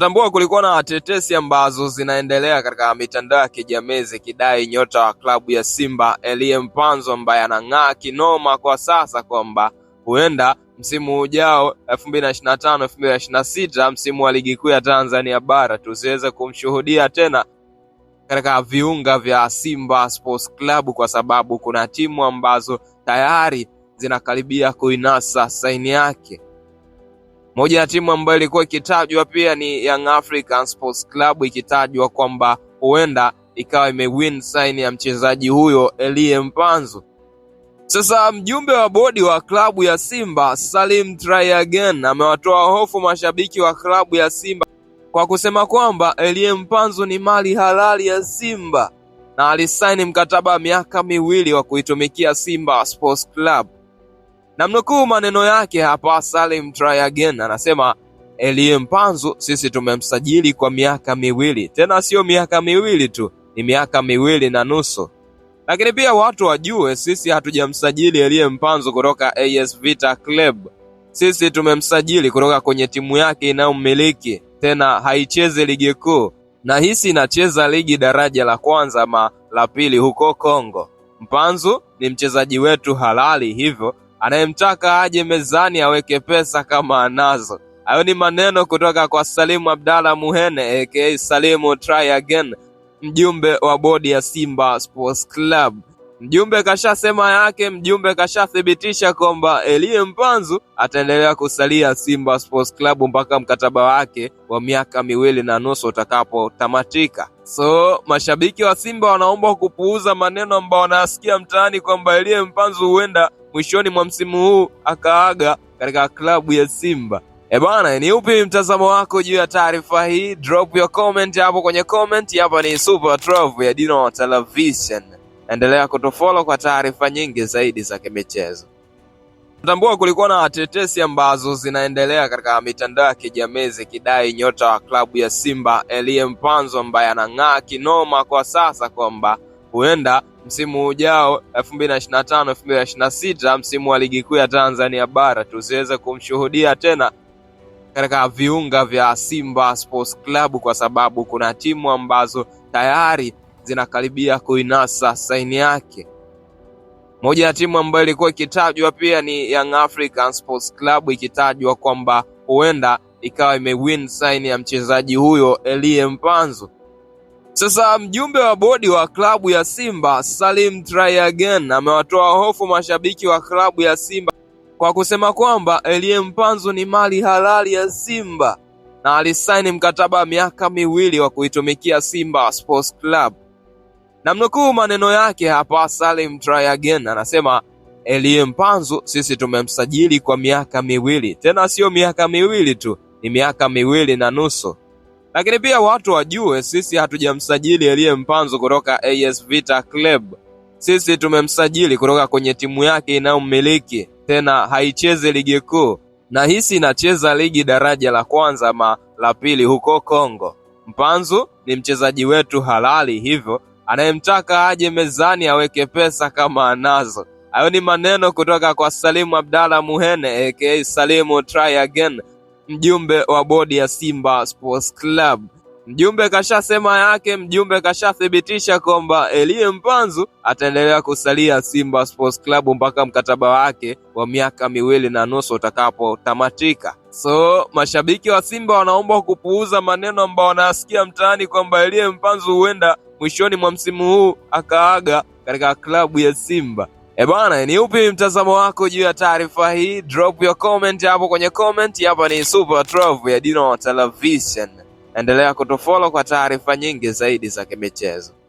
Natambua kulikuwa na tetesi ambazo zinaendelea katika mitandao ya kijamii zikidai nyota wa klabu ya Simba Elie Mpanzu ambaye anang'aa kinoma kwa sasa kwamba huenda msimu ujao 2025 2026 msimu wa ligi kuu ya Tanzania bara tusiweze kumshuhudia tena katika viunga vya Simba Sports Club kwa sababu kuna timu ambazo tayari zinakaribia kuinasa saini yake. Moja ya timu ambayo ilikuwa ikitajwa pia ni Young African Sports Club, ikitajwa kwamba huenda ikawa imewin sign ya mchezaji huyo Elie Mpanzu. Sasa mjumbe wa bodi wa klabu ya Simba Salim Try Again amewatoa hofu mashabiki wa klabu ya Simba kwa kusema kwamba Elie Mpanzu ni mali halali ya Simba na alisaini mkataba wa miaka miwili wa kuitumikia Simba Sports Club. Namnukuu maneno yake hapa, Salim Try Again anasema Elie Mpanzu sisi tumemsajili kwa miaka miwili, tena siyo miaka miwili tu, ni miaka miwili na nusu. Lakini pia watu wajue sisi hatujamsajili Elie Mpanzu kutoka AS Vita Club. Sisi tumemsajili kutoka kwenye timu yake inayommiliki, tena haichezi ligi kuu, na hisi inacheza ligi daraja la kwanza ma la pili huko Kongo. Mpanzu ni mchezaji wetu halali, hivyo anayemtaka aje mezani aweke pesa kama anazo. Hayo ni maneno kutoka kwa Salimu Abdalla Muhene aka Salimu Try Again, mjumbe wa bodi ya Simba Sports Club. Mjumbe kashasema yake, mjumbe kashathibitisha kwamba Elie Mpanzu ataendelea kusalia Simba Sports Club mpaka mkataba wake wa miaka miwili na nusu utakapotamatika. So mashabiki wa Simba wanaomba kupuuza maneno ambayo wanasikia mtaani kwamba Elie Mpanzu huenda mwishoni mwa msimu huu akaaga katika klabu ya Simba. E bwana, ni upi mtazamo wako juu ya taarifa hii? Drop your comment hapo kwenye comment. Hapa ni Super Trove ya Dino Television, endelea kutofollow kwa taarifa nyingi zaidi za kimichezo. Tambua kulikuwa na tetesi ambazo zinaendelea katika mitandao ya kijamii zikidai nyota wa klabu ya Simba Elie Mpanzo ambaye anang'aa kinoma kwa sasa kwamba huenda msimu ujao 2025 2026, msimu wa ligi kuu ya Tanzania bara tusiweze kumshuhudia tena katika viunga vya Simba Sports Club kwa sababu kuna timu ambazo tayari zinakaribia kuinasa saini yake. Moja ya timu ambayo ilikuwa ikitajwa pia ni Young African Sports Club, ikitajwa kwamba huenda ikawa imewin saini ya mchezaji huyo Elie Mpanzu. Sasa mjumbe wa bodi wa klabu ya Simba Salim Again amewatoa hofu mashabiki wa klabu ya Simba kwa kusema kwamba Elie Mpanzu ni mali halali ya Simba na alisaini mkataba wa miaka miwili wa kuitumikia Simba Sports Club. Namnukuu maneno yake hapa, Salim Again anasema Elie Mpanzu sisi tumemsajili kwa miaka miwili, tena siyo miaka miwili tu, ni miaka miwili na nusu lakini pia watu wajue sisi hatujamsajili Elie Mpanzu kutoka AS Vita Club. Sisi tumemsajili kutoka kwenye timu yake inayommiliki, tena haicheze ligi kuu, na hisi inacheza ligi daraja la kwanza ma la pili huko Kongo. Mpanzu ni mchezaji wetu halali, hivyo anayemtaka aje mezani aweke pesa kama anazo. Hayo ni maneno kutoka kwa Salimu Abdalla Muhene aka Salimu Try Again mjumbe wa bodi ya Simba Sports Club. Mjumbe kashasema yake, mjumbe kashathibitisha kwamba Elie Mpanzu ataendelea kusalia Simba Sports Club mpaka mkataba wake wa miaka miwili na nusu utakapotamatika. So mashabiki wa Simba wanaomba kupuuza maneno ambayo wanasikia mtaani kwamba Elie Mpanzu huenda mwishoni mwa msimu huu akaaga katika klabu ya Simba. E bwana, ni upi mtazamo wako juu ya taarifa hii? Drop your comment hapo kwenye comment. Hapa ni Super 12 ya Dino Television, endelea kutufollow kwa taarifa nyingi zaidi za kimichezo.